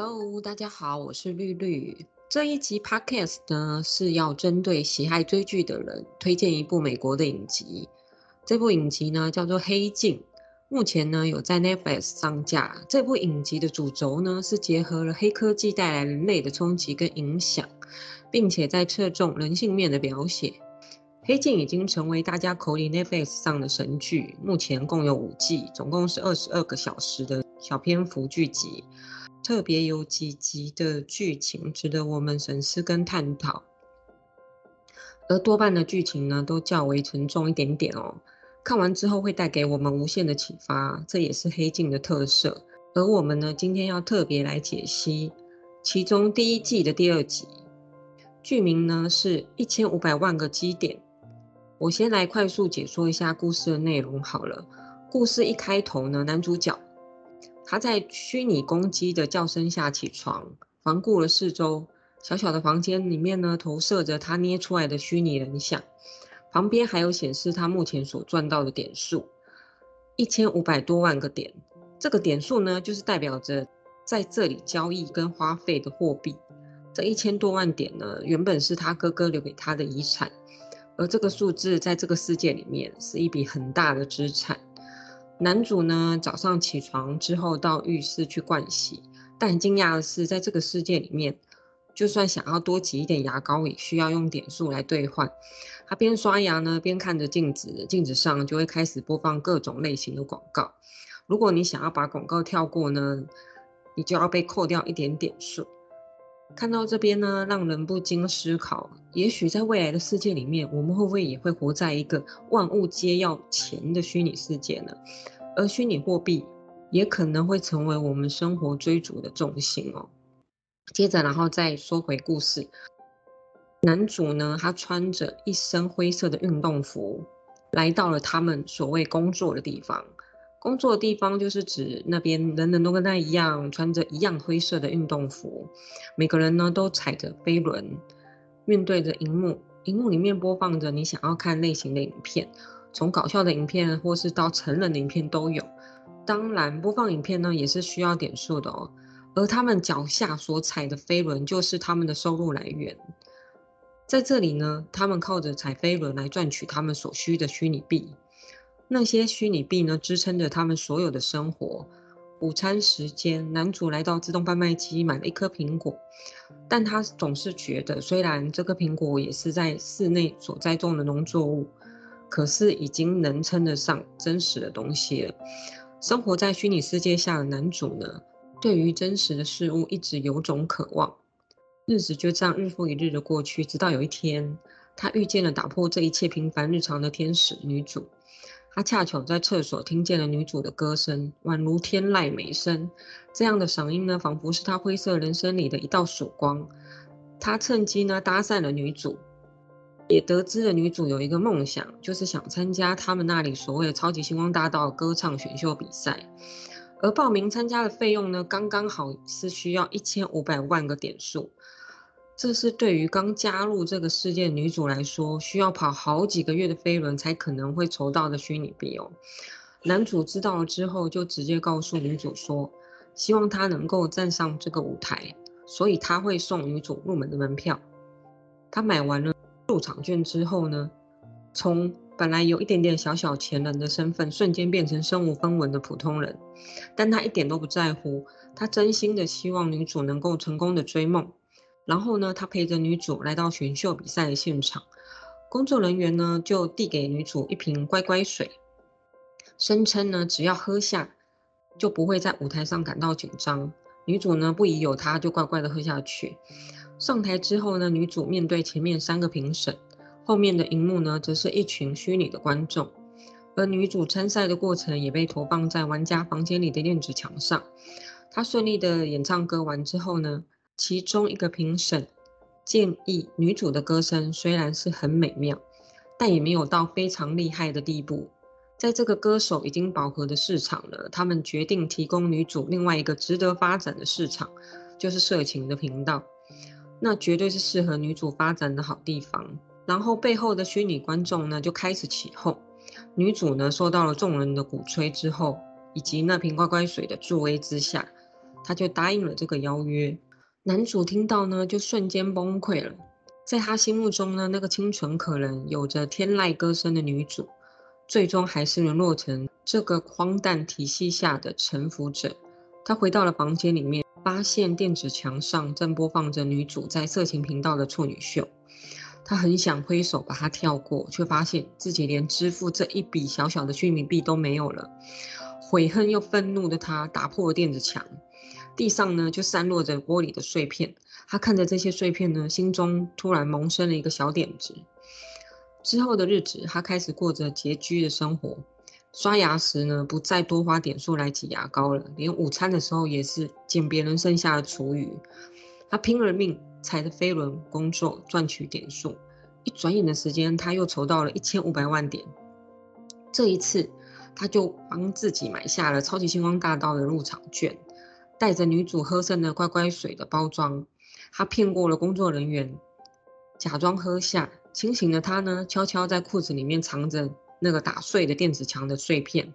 Hello，大家好，我是綠綠。這一集 podcast 呢是要針對喜愛追劇的人推薦一部美國的影集。這部影集呢叫做《黑鏡》，目前呢有在 Netflix 上架。這部影集的主軸呢是結合了黑科技帶來人類的衝擊跟影響，並且在側重人性面的描寫。《黑鏡》已經成為大家口裡 Netflix 上的神劇，目前共有五季，總共是二十二個小時的小篇幅劇集。特別有幾集的劇情值得我們深思跟探討，而多半的劇情呢都較為沉重一點點哦。看完之後會帶給我們無限的啟發，這也是黑鏡的特色。而我們呢今天要特別來解析其中第一季的第二集，劇名呢是一千五百萬個績點。我先來快速解說一下故事的內容好了。故事一開頭呢，男主角。他在虛擬公雞的叫聲下起床，環顧了四周。小小的房間裡面呢，投射着他捏出來的虛擬人像，旁邊還有顯示他目前所賺到的點數，一千五百多萬個點。這個點數呢，就是代表着在這裡交易跟花費的貨幣。這一千多萬點呢，原本是他哥哥留給他的遺產，而這個數字在這個世界裡面是一筆很大的資產。男主呢，早上起床之後到浴室去盥洗，但很驚訝的是，在這個世界裡面，就算想要多擠一點牙膏，也需要用點數來兌換。他邊刷牙呢，邊看着鏡子，鏡子上就會開始播放各種類型的廣告。如果你想要把廣告跳過呢，你就要被扣掉一點點數。看到這邊呢，讓人不禁思考，也許在未來的世界裡面，我們會不會也會活在一個萬物皆要錢的虛擬世界呢？而虛擬貨幣也可能會成為我們生活追逐的重心哦。接着，然後再說回故事，男主呢，他穿着一身灰色的運動服，來到了他們所謂工作的地方。工作的地方就是指那邊，人人都跟他一樣，穿着一樣灰色的運動服，每個人呢都踩着飛輪，面對着熒幕，熒幕裡面播放着你想要看類型的影片，從搞笑的影片，或是到成人的影片都有。當然，播放影片呢也是需要點數的哦，而他們腳下所踩的飛輪就是他們的收入來源。在這裡呢，他們靠着踩飛輪來賺取他們所需的虛擬幣。那些虛擬幣呢支撐着他們所有的生活。午餐時間，男主來到自動販賣機買了一顆蘋果，但他總是覺得，雖然這個蘋果也是在室內所栽種的農作物，可是已經能稱得上真實的東西了。生活在虛擬世界下的男主呢，對於真實的事物一直有種渴望。日子就這樣日復一日的過去，直到有一天，他遇見了打破這一切平凡日常的天使女主。他恰巧在廁所聽見了女主的歌聲，宛如天籟美聲。這樣的嗓音呢，仿佛是他灰色人生裡的一道曙光。他趁機呢搭訕了女主，也得知了女主有一個夢想，就是想參加他們那裡所謂的超級星光大道歌唱選秀比賽。而報名參加的費用呢，剛剛好是需要一千五百萬個點數。這是對於剛加入這個世界的女主來說，需要跑好幾個月的飛輪才可能會籌到的虛擬幣哦。男主知道了之後，就直接告訴女主說：“希望她能夠站上這個舞台，所以他會送女主入門的門票。”他買完了入場券之後呢，從本來有一點點小小錢人的身份，瞬間變成身無分文的普通人。但他一點都不在乎，他真心的希望女主能夠成功的追夢。然後呢，他陪着女主來到選秀比賽的現場，工作人員呢就遞給女主一瓶乖乖水，聲稱呢只要喝下就不會在舞台上感到緊張。女主呢不疑有他，就乖乖的喝下去。上台之後呢，女主面對前面三個評審，後面的熒幕呢則是一群虛擬的觀眾，而女主參賽的過程也被投放在玩家房間裡的電子牆上。她順利的演唱歌完之後呢。其中一個評審建議，女主的歌聲雖然是很美妙，但也沒有到非常厲害的地步。在這個歌手已經飽和的市場了，他們決定提供女主另外一個值得發展的市場，就是色情的頻道。那絕對是適合女主發展的好地方。然後背後的虛擬觀眾呢，就開始起哄。女主呢，受到了眾人的鼓吹之後，以及那瓶乖乖水的助威之下，她就答應了這個邀約。男主聽到呢，就瞬間崩潰了。在他心目中呢，那個清純可人、有着天籟歌聲的女主，最終還是淪落成這個荒誕體系下的臣服者。他回到了房間裡面，發現電子牆上正播放着女主在色情頻道的處女秀。他很想揮手把它跳過，卻發現自己連支付這一筆小小的虛擬幣都沒有了。悔恨又憤怒的他，打破了電子牆。地上呢，就散落着玻璃的碎片，他看着這些碎片呢，心中突然萌生了一個小點子。之後的日子，他開始過着拮據的生活。刷牙時呢，不再多花點數來擠牙膏了，連午餐的時候也是撿別人剩下的廚餘。他拼了命踩着飛輪工作賺取點數，一轉眼的時間，他又籌到了一千五百萬點。這一次，他就幫自己買下了超級星光大道的入場券。帶着女主喝剩的乖乖水的包裝，他騙過了工作人員，假裝喝下。清醒的他呢，悄悄在褲子裡面藏着那個打碎的電子牆的碎片，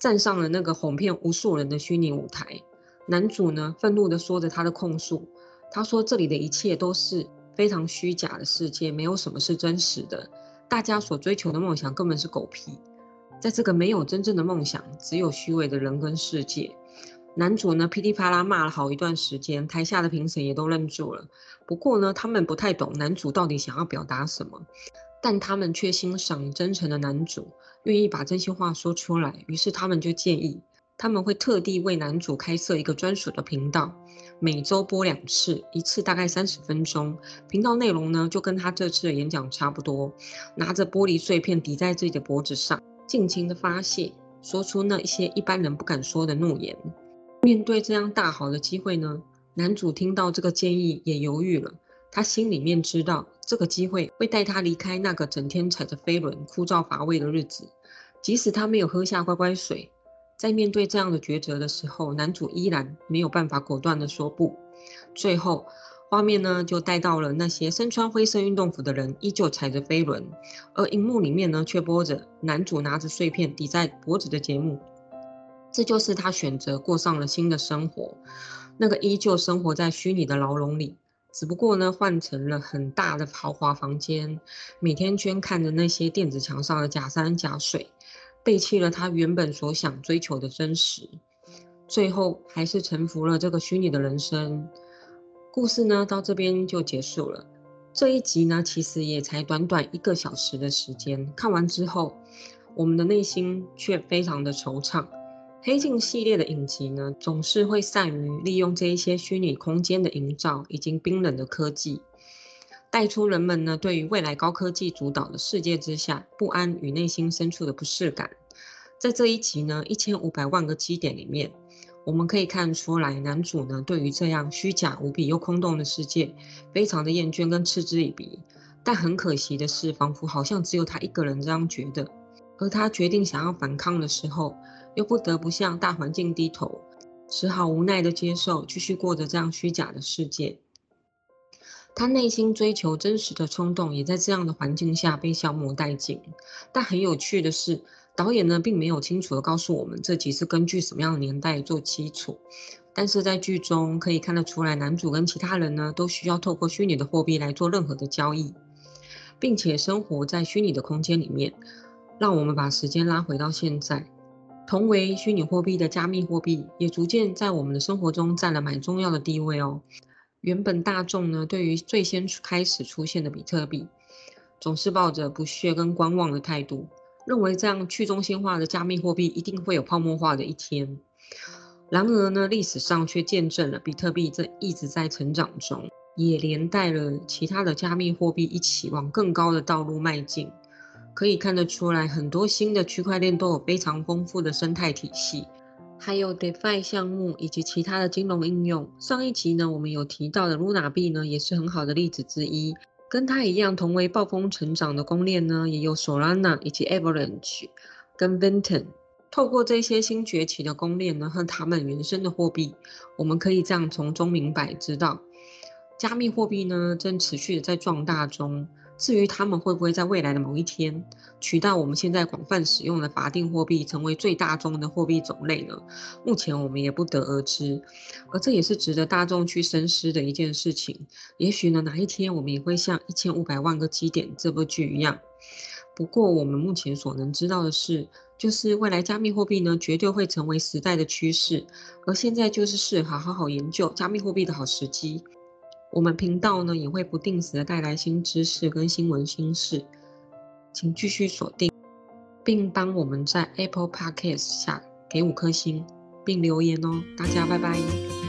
站上了那個哄騙無數人的虛擬舞台。男主呢，憤怒的說着他的控訴。他說：“這裡的一切都是非常虛假的世界，沒有什麼是真實的。大家所追求的夢想根本是狗屁。在這個沒有真正的夢想，只有虛偽的人跟世界。”男主呢噼里啪啦罵了好一段時間，台下的評審也都愣住了。不過呢，他們不太懂男主到底想要表達什麼，但他們卻欣賞真誠的男主，願意把真心話說出來。於是他們就建議，他們會特地為男主開設一個專屬的頻道，每周播兩次，一次大概三十分鐘。頻道內容呢，就跟他這次的演講差不多，拿着玻璃碎片抵在自己的脖子上，盡情的發洩，說出那一些一般人不敢說的怒言。面對這樣大好的機會呢，男主聽到這個建議也猶豫了。他心裡面知道這個機會會帶他離開那個整天踩着飛輪枯燥乏味的日子，即使他沒有喝下乖乖水。在面對這樣的抉擇的時候，男主依然沒有辦法果斷的說不。最後畫面呢就帶到了那些身穿灰色運動服的人依舊踩着飛輪，而熒幕裡面呢卻播着男主拿着碎片抵在脖子的節目。這就是他選擇過上了新的生活，那個依舊生活在虛擬的牢籠裡，只不過呢，換成了很大的豪華房間，每天圈看着那些電子牆上的假山假水，背棄了他原本所想追求的真實，最後還是臣服了這個虛擬的人生。故事呢，到這邊就結束了。這一集呢，其實也才短短一個小時的時間，看完之後，我們的內心卻非常的惆悵。黑鏡系列的影集呢，總是會善於利用這一些虛擬空間的營造，以及冰冷的科技，帶出人們呢對於未來高科技主導的世界之下不安與內心深處的不適感。在這一集呢，一千五百萬個績點裡面，我們可以看出來，男主呢對於這樣虛假無比又空洞的世界，非常的厭倦跟嗤之以鼻。但很可惜的是，仿佛好像只有他一個人這樣覺得。而他決定想要反抗的時候，又不得不向大環境低頭，只好無奈的接受，繼續過着這樣虛假的世界。他內心追求真實的衝動，也在這樣的環境下被消磨殆盡。但很有趣的是，導演呢並沒有清楚的告訴我們這集是根據什麼樣的年代做基礎，但是在劇中可以看得出來，男主跟其他人呢都需要透過虛擬的貨幣來做任何的交易，並且生活在虛擬的空間裡面。讓我們把時間拉回到現在，同為虛擬貨幣的加密貨幣也逐漸在我們的生活中佔了蠻重要的地位哦。原本大眾呢對於最先開始出現的比特幣，總是抱着不屑跟觀望的態度，認為這樣去中心化的加密貨幣一定會有泡沫化的一天。然而呢，歷史上卻見證了比特幣正一直在成長中，也連帶了其他的加密貨幣一起往更高的道路邁進。可以看得出來，很多新的區塊鏈都有非常豐富的生態體系，還有 DeFi 項目以及其他的金融應用。上一期呢，我們有提到的 Luna 幣呢，也是很好的例子之一。跟它一樣，同為暴風成長的公鏈呢，也有 Solana 以及 Avalanche，跟 Vinton。透過這些新崛起的公鏈呢和它們原生的貨幣，我們可以這樣從中明白知道，加密貨幣呢正持續在壯大中。至於他們會不會在未來的某一天取代我們現在廣泛使用的法定貨幣，成為最大宗的貨幣種類呢？目前我們也不得而知，而這也是值得大眾去深思的一件事情。也許呢，哪一天我們也會像《一千五百萬個績點》這部劇一樣。不過，我們目前所能知道的是，就是未來加密貨幣呢，絕對會成為時代的趨勢，而現在就是是好好好研究加密貨幣的好時機。我們頻道呢，也會不定時的帶來新知識跟新聞新事，請繼續鎖定，並幫我們在 Apple Podcast 下給五顆星，並留言哦，大家拜拜。